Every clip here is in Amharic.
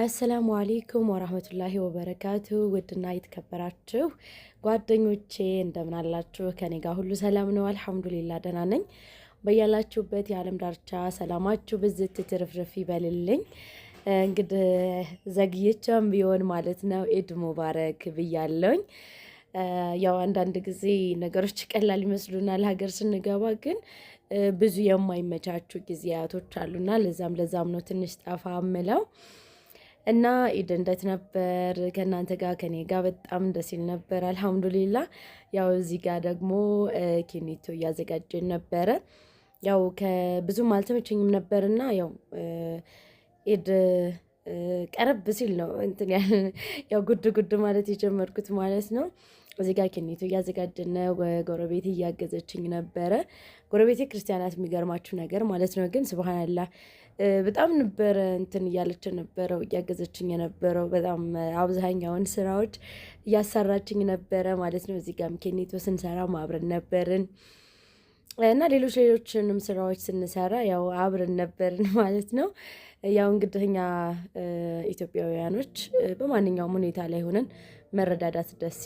አሰላሙ አሌይኩም ወራህመቱላሂ ወበረካቱ። ውድና የተከበራችሁ ጓደኞቼ እንደምን አላችሁ? ከኔ ጋር ሁሉ ሰላም ነው፣ አልሐምዱሊላ ደህና ነኝ። በያላችሁበት የዓለም ዳርቻ ሰላማችሁ ብዝት ትርፍርፍ ይበልልኝ። እንግዲህ ዘግየቻም ቢሆን ማለት ነው ኢድ ሙባረክ ብያለውኝ። ያው አንዳንድ ጊዜ ነገሮች ቀላል ይመስሉናል። ሀገር ስንገባ ግን ብዙ የማይመቻቹ ጊዜያቶች አሉና ለዛም ለዛም ነው ትንሽ ጠፋ ምለው እና ኢድ እንደት ነበር ከእናንተ ጋር? ከኔ ጋር በጣም ደስ ይል ነበር፣ አልሐምዱሊላ። ያው እዚህ ጋር ደግሞ ኬኔቶ እያዘጋጀን ነበረ። ያው ብዙም አልተመቸኝም ነበር እና ያው ኢድ ቀረብ ሲል ነው እንትን ያው ጉድ ጉድ ማለት የጀመርኩት ማለት ነው። እዚህ ጋር ኬኔቶ እያዘጋጀን ነው። ጎረቤቴ እያገዘችኝ ነበረ። ጎረቤቴ ክርስቲያናት የሚገርማችሁ ነገር ማለት ነው። ግን ስብሃናላ በጣም ነበረ እንትን እያለች ነበረው እያገዘችኝ የነበረው በጣም አብዛኛውን ስራዎች እያሰራችኝ ነበረ ማለት ነው። እዚህ ጋርም ኬኔቶ ስንሰራ አብረን ነበርን እና ሌሎች ሌሎችንም ስራዎች ስንሰራ ያው አብረን ነበርን ማለት ነው። ያው እንግዲህ እኛ ኢትዮጵያውያኖች በማንኛውም ሁኔታ ላይ ሆነን መረዳዳት ደስ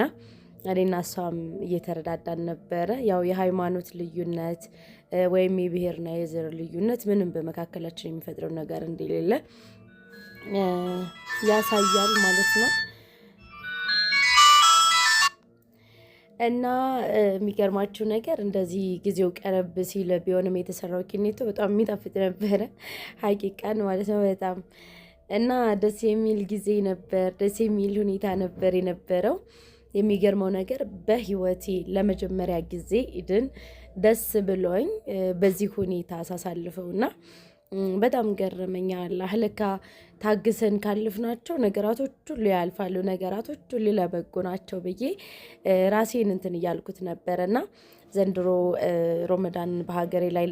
ና እኔና እሷም እየተረዳዳን ነበረ። ያው የሃይማኖት ልዩነት ወይም የብሔርና የዘር ልዩነት ምንም በመካከላችን የሚፈጥረው ነገር እንደሌለ ያሳያል ማለት ነው። እና የሚገርማችሁ ነገር እንደዚህ ጊዜው ቀረብ ሲል ቢሆንም የተሰራው ኪኔቶ በጣም የሚጣፍጥ ነበረ። ሀቂቃን ማለት ነው በጣም እና ደስ የሚል ጊዜ ነበር፣ ደስ የሚል ሁኔታ ነበር የነበረው። የሚገርመው ነገር በህይወቴ ለመጀመሪያ ጊዜ ኢድን ደስ ብሎኝ በዚህ ሁኔታ ሳሳልፈውና በጣም ገረመኝ። አላህ ለካ ታግሰን ካለፍናቸው ነገራቶች ሁሉ ያልፋሉ፣ ነገራቶች ሁሉ ለበጎ ናቸው ብዬ ራሴን እንትን እያልኩት ነበረ ነበረና ዘንድሮ ሮመዳን በሀገሬ ላይ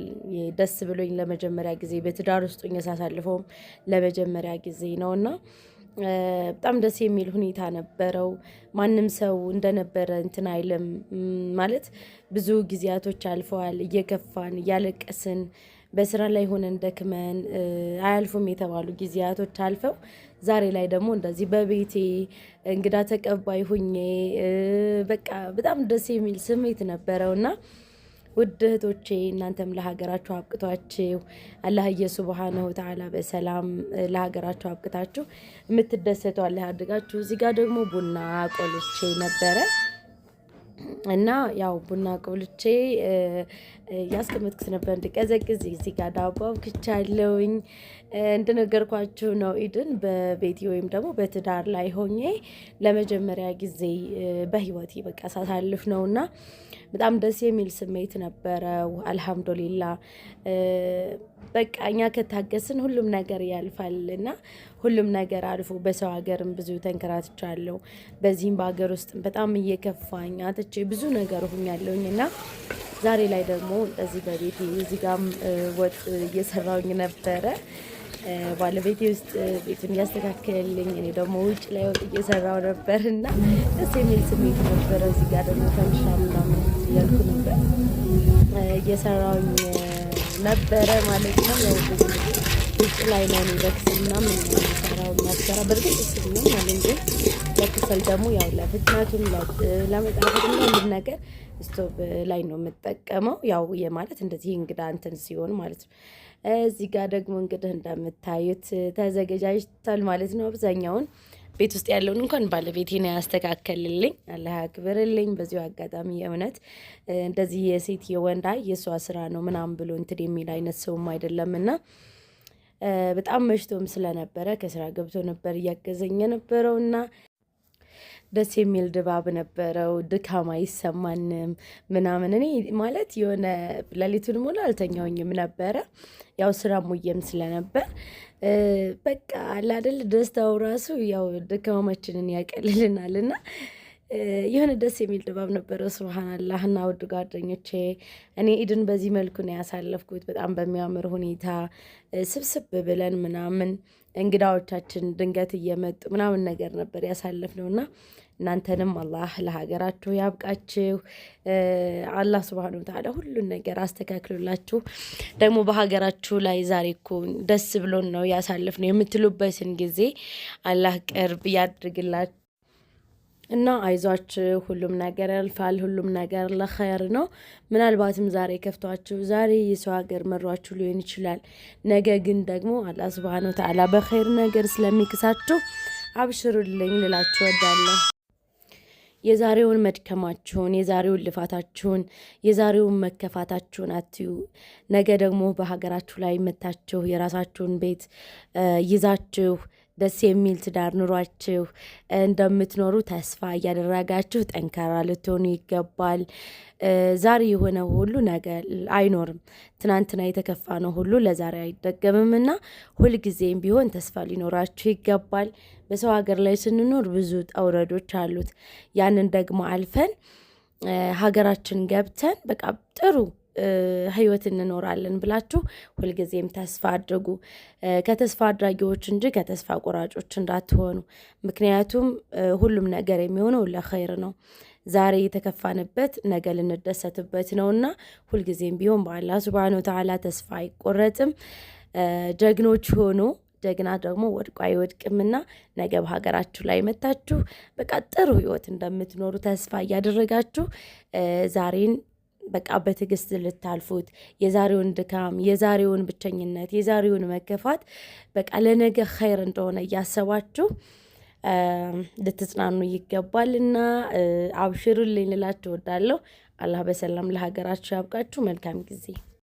ደስ ብሎኝ ለመጀመሪያ ጊዜ በትዳር ውስጡ ሳሳልፈውም ለመጀመሪያ ጊዜ ነው ነውና በጣም ደስ የሚል ሁኔታ ነበረው። ማንም ሰው እንደነበረ እንትን አይልም ማለት ብዙ ጊዜያቶች አልፈዋል። እየከፋን እያለቀስን በስራ ላይ ሆነን ደክመን አያልፉም የተባሉ ጊዜያቶች አልፈው ዛሬ ላይ ደግሞ እንደዚህ በቤቴ እንግዳ ተቀባይ ሁኜ በቃ በጣም ደስ የሚል ስሜት ነበረው እና ውድ እህቶቼ እናንተም ለሀገራችሁ አብቅቷችሁ አላህ ሱብሃነሁ ወተዓላ በሰላም ለሀገራችሁ አብቅታችሁ የምትደሰቱ አላህ ያድርጋችሁ። እዚህ ጋር ደግሞ ቡና ቆልቼ ነበረ። እና ያው ቡና ቆልቼ ያስቀመጥኩት ነበር እንድቀዘቅዝ። እዚህ ጋር ዳቦ አብክቻለሁኝ። እንደነገርኳችሁ ነው ኢድን በቤቴ ወይም ደግሞ በትዳር ላይ ሆኜ ለመጀመሪያ ጊዜ በህይወቴ በቃ ሳሳልፍ ነው እና በጣም ደስ የሚል ስሜት ነበረው። አልሐምዱሊላ በቃ እኛ ከታገስን ሁሉም ነገር ያልፋል እና ሁሉም ነገር አልፎ በሰው ሀገርም ብዙ ተንከራትቻለሁ። በዚህም በሀገር ውስጥ በጣም እየከፋኝ አትቼ ብዙ ነገር ሁኛለሁኝ እና ዛሬ ላይ ደግሞ እዚህ በቤት እዚህ ጋም ወጥ እየሰራውኝ ነበረ ባለቤቴ ውስጥ ቤቱን እያስተካከልልኝ እኔ ደግሞ ውጭ ላይ ወጥ እየሰራው ነበር እና ደስ የሚል ስሜት ነበረ። እዚህ ጋር ደግሞ ፈንሻ ምናምን እያልኩ ነበር እየሰራውኝ ነበረ ማለት ነው። ያው ብዙ ውጭ ላይ ነው በክሰል ምናምን የሚሰራው በእርግጥ እሱ ነው ማለት ግን ለክሰል ደግሞ ያው ለፍጥነቱም ለመጣፈጥም ሁሉም ነገር ስቶቭ ላይ ነው የምጠቀመው። ያው የማለት እንደዚህ እንግዳ እንትን ሲሆን ማለት ነው። እዚህ ጋር ደግሞ እንግዲህ እንደምታዩት ተዘገጃጅቷል ማለት ነው። አብዛኛውን ቤት ውስጥ ያለውን እንኳን ባለቤቴ ነው ያስተካከልልኝ። አላህ ያክብርልኝ። በዚሁ አጋጣሚ የእውነት እንደዚህ የሴት የወንዳ የእሷ ስራ ነው ምናምን ብሎ እንትን የሚል አይነት ሰውም አይደለም እና በጣም መሽቶም ስለነበረ ከስራ ገብቶ ነበር እያገዘኝ የነበረው እና ደስ የሚል ድባብ ነበረው። ድካም አይሰማንም ምናምን። እኔ ማለት የሆነ ሌሊቱን ሙሉ አልተኛውኝም ነበረ ያው ስራ ሙየም ስለነበር በቃ አላደል ደስታው ራሱ ያው ድካማችንን ያቀልልናል እና የሆነ ደስ የሚል ድባብ ነበረ። ስብሃናላህ እና ውድ ጓደኞቼ እኔ ኢድን በዚህ መልኩ ነው ያሳለፍኩት። በጣም በሚያምር ሁኔታ ስብስብ ብለን ምናምን እንግዳዎቻችን ድንገት እየመጡ ምናምን ነገር ነበር ያሳለፍነው እና እናንተንም አላህ ለሀገራችሁ ያብቃችሁ። አላህ ስብሃነ ወተዓላ ሁሉን ነገር አስተካክሎላችሁ ደግሞ በሀገራችሁ ላይ ዛሬ እኮ ደስ ብሎን ነው ያሳለፍነው የምትሉበትን ጊዜ አላህ ቅርብ ያድርግላችሁ። እና አይዟች፣ ሁሉም ነገር ያልፋል፣ ሁሉም ነገር ለኸይር ነው። ምናልባትም ዛሬ ከፍቷችሁ፣ ዛሬ የሰው ሀገር መሯችሁ ሊሆን ይችላል። ነገ ግን ደግሞ አላህ ሱብሃነሁ ወተዓላ በኸይር ነገር ስለሚክሳችሁ አብሽሩልኝ ልላችሁ ወዳለሁ። የዛሬውን መድከማችሁን የዛሬውን ልፋታችሁን የዛሬውን መከፋታችሁን አትዩ። ነገ ደግሞ በሀገራችሁ ላይ መታችሁ የራሳችሁን ቤት ይዛችሁ ደስ የሚል ትዳር ኑሯችሁ እንደምትኖሩ ተስፋ እያደረጋችሁ ጠንካራ ልትሆኑ ይገባል። ዛሬ የሆነ ሁሉ ነገ አይኖርም። ትናንትና የተከፋ ነው ሁሉ ለዛሬ አይደገምም እና ሁልጊዜም ቢሆን ተስፋ ሊኖራችሁ ይገባል። በሰው ሀገር ላይ ስንኖር ብዙ ጠውረዶች አሉት። ያንን ደግሞ አልፈን ሀገራችን ገብተን በቃ ጥሩ ህይወት እንኖራለን ብላችሁ ሁልጊዜም ተስፋ አድርጉ። ከተስፋ አድራጊዎች እንጂ ከተስፋ ቆራጮች እንዳትሆኑ። ምክንያቱም ሁሉም ነገር የሚሆነው ለኸይር ነው። ዛሬ የተከፋንበት ነገ ልንደሰትበት ነውና ሁልጊዜም ቢሆን በአላህ ሱብሃነሁ ወተዓላ ተስፋ አይቆረጥም። ጀግኖች ሆኖ ጀግና ደግሞ ወድቆ አይወድቅምና ነገ በሀገራችሁ ላይ መታችሁ በቃ ጥሩ ህይወት እንደምትኖሩ ተስፋ እያደረጋችሁ ዛሬን በቃ በትዕግስት ልታልፉት የዛሬውን ድካም፣ የዛሬውን ብቸኝነት፣ የዛሬውን መገፋት በቃ ለነገ ኸይር እንደሆነ እያሰባችሁ ልትጽናኑ ይገባልና አብሽሩልኝ ልላችሁ እወዳለሁ። አላህ በሰላም ለሀገራችሁ ያብቃችሁ። መልካም ጊዜ